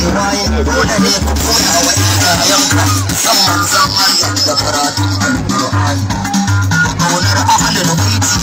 rayuwa ya dole ne ku koya wa iyayenka san manzan Allah da karatun alƙur'ani kaunar ahalin baiti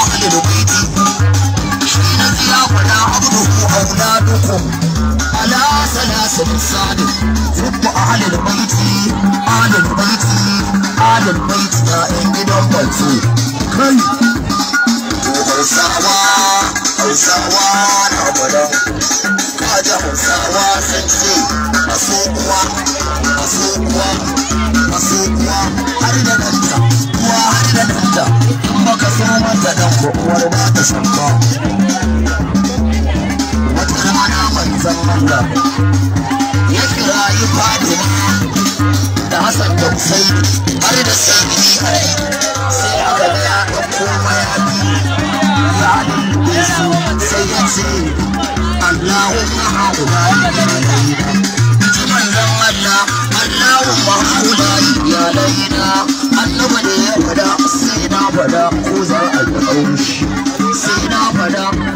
ahalin baiti shi na baiti a baiti gidan baiti kai to sa'wa. hausawa na gwadon kaji hausawa sun ce masu kuwa اللهم هؤلاء جمل زمنا اللهم هؤلاء يا لينا النبي ne ya fada sai na fada ko za a yi aure sai na fada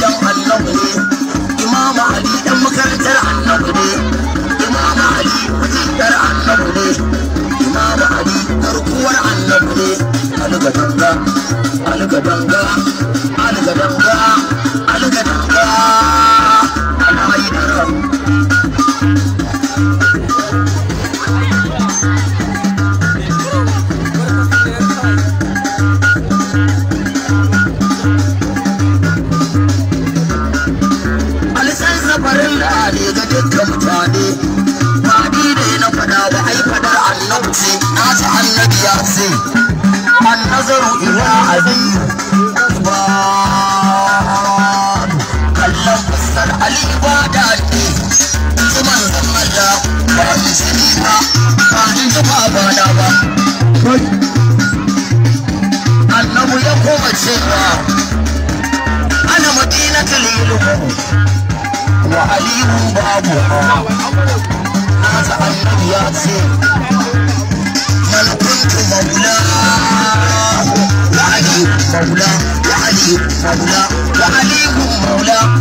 dan annabu ne imamu ali dan makarantar annabu ne imamu ali wajidar annabu ne imamu ali garkuwar annabu ne alga danga alga danga shari'a ne ga dukkan mutane ne na fada da ai fadar annabi ce na ta annabi ya ce an nazaru ila aliyu kallon fuskar ali ba da ne su manzan ba ni ba ba ni ba na ba annabu ya koma cewa ana madinatul ilmu wa aliyu babu nasa annabi ya ce man kuntu maula wa aliyu maula wa aliyu maula wa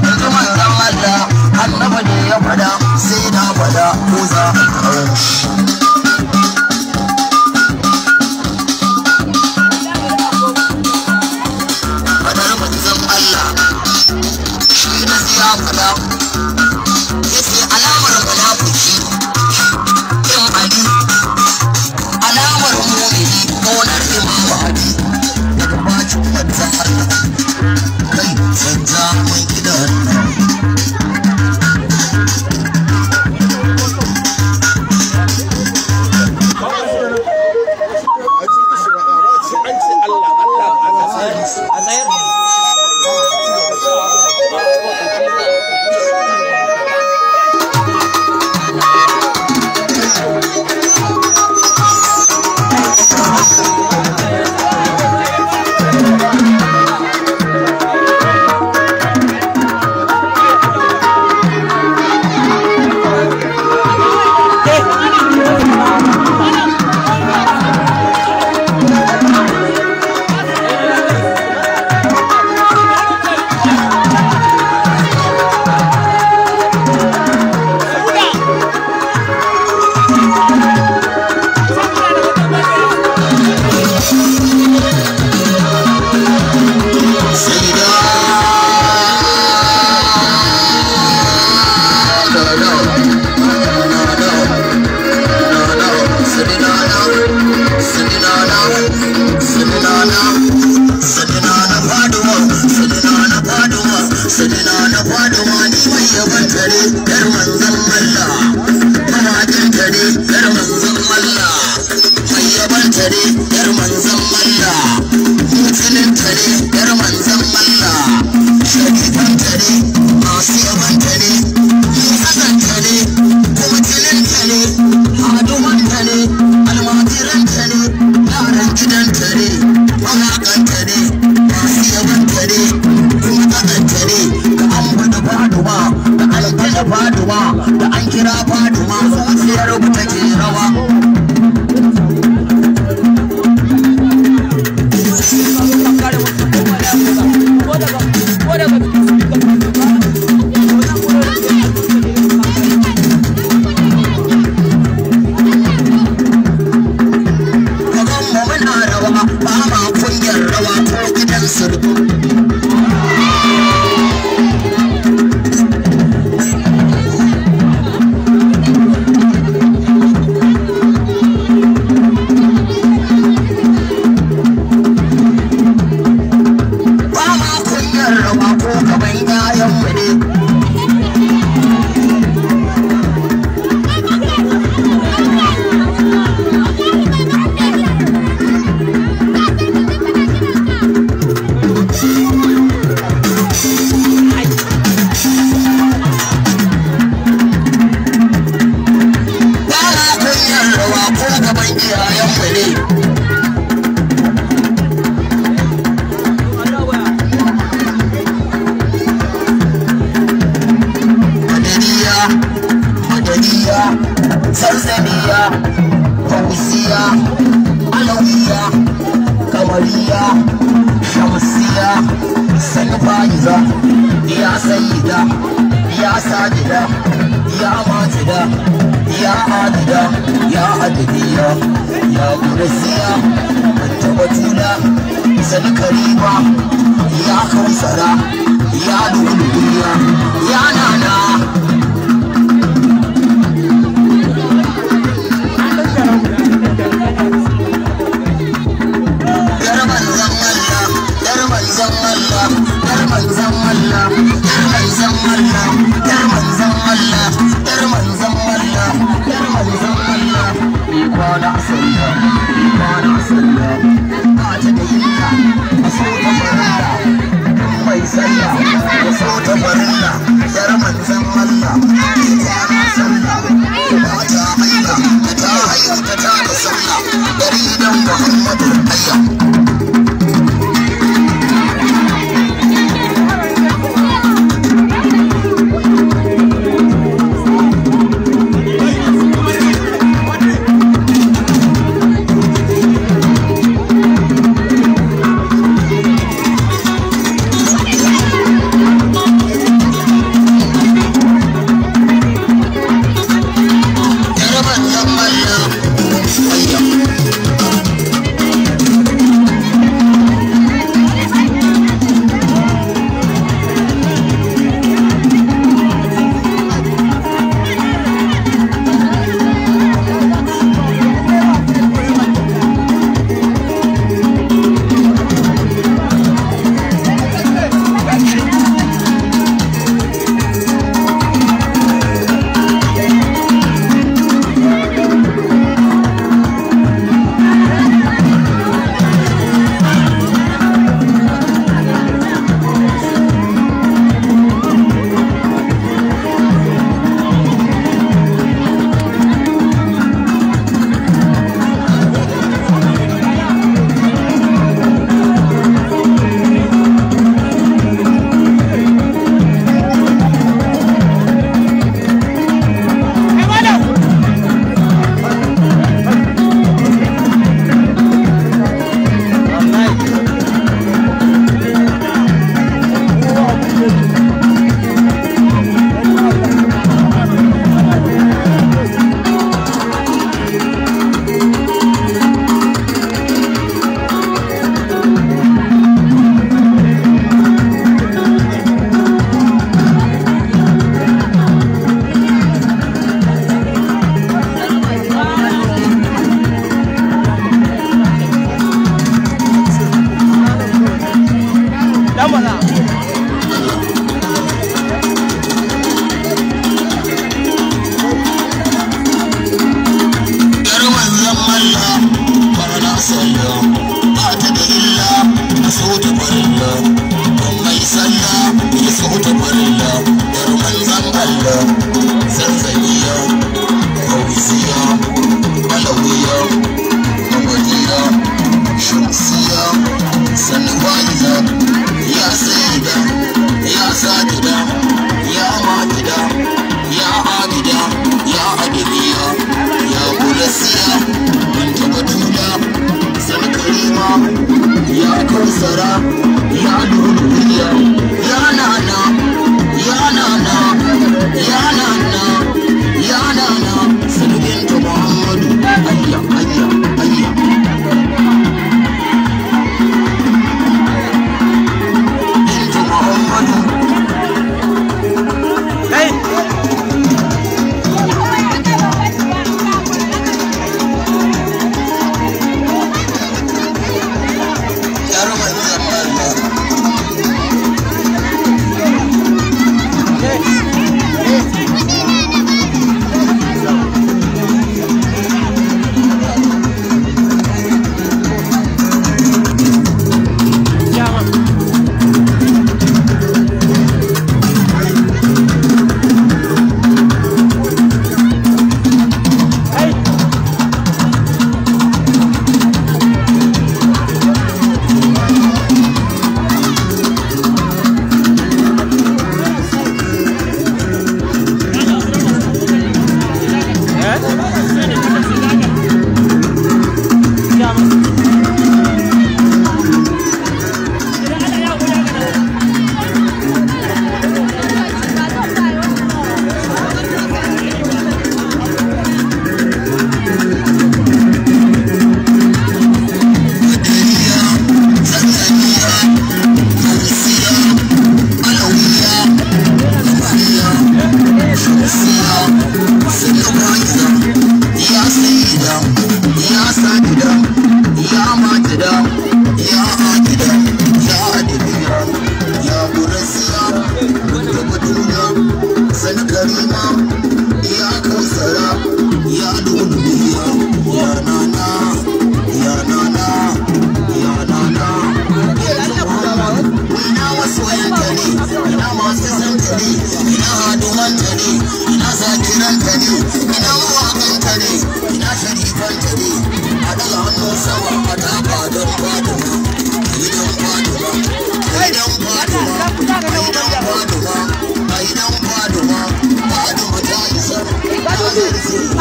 sidina na ma ni mai yaban tare yar manzan Oh. Zazzaniya, Zazzaniya, Fauziya, Alawiya, Kamariya, Shamsiya, Sanfaiza, Ya Sayyida, Ya Sajida, Ya Majida, Ya Adida, Ya Adidiya, Ya Kurasiya, Tabatuna, Karima, Ya Kausara, Ya Lulubiya, Ya Nana,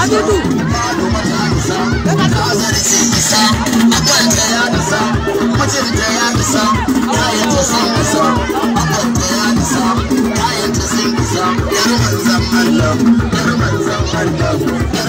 Adudu. Kazar ce isa, akwanta ya isa, mijinta ya isa, kayanta sun isa, akwanta ya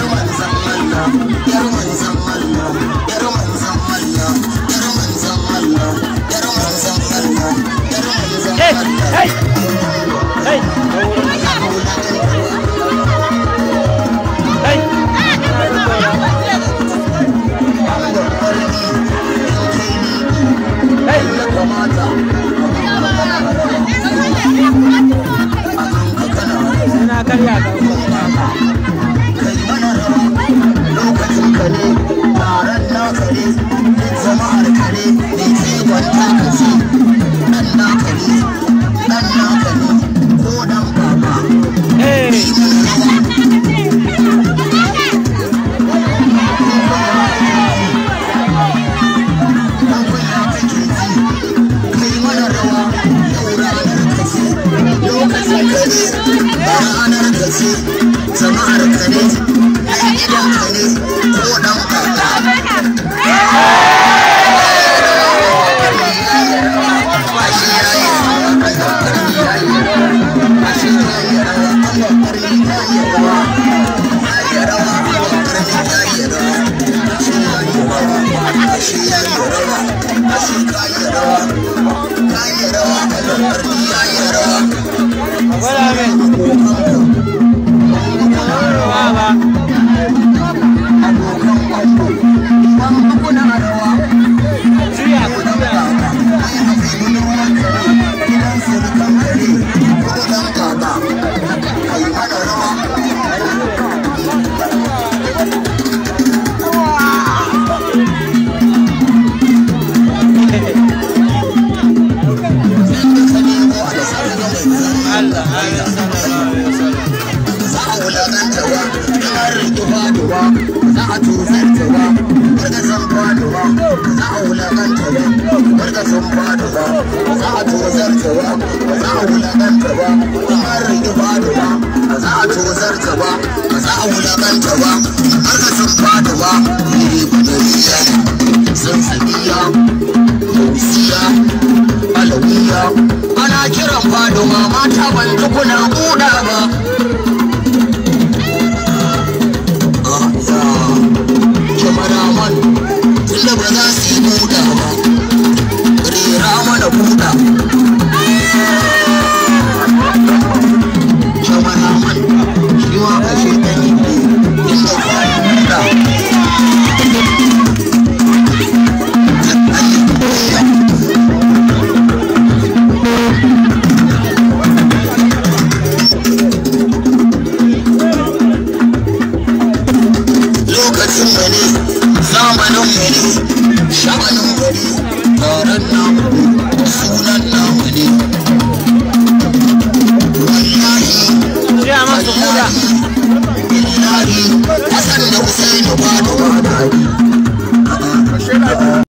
Yes. barkacin fadu ba ba za a tozar ta ba ba za a wulakanta ba tsarin ibadu ba ba za a tozar ta ba ba za a wulakanta ba barkacin fadu ba ne kuduriya sansaniya tausiya alawiya ana kiran fadu ma mata ban tukunan kuda ba Kimana man, tunda ba za su yi buɗa ba.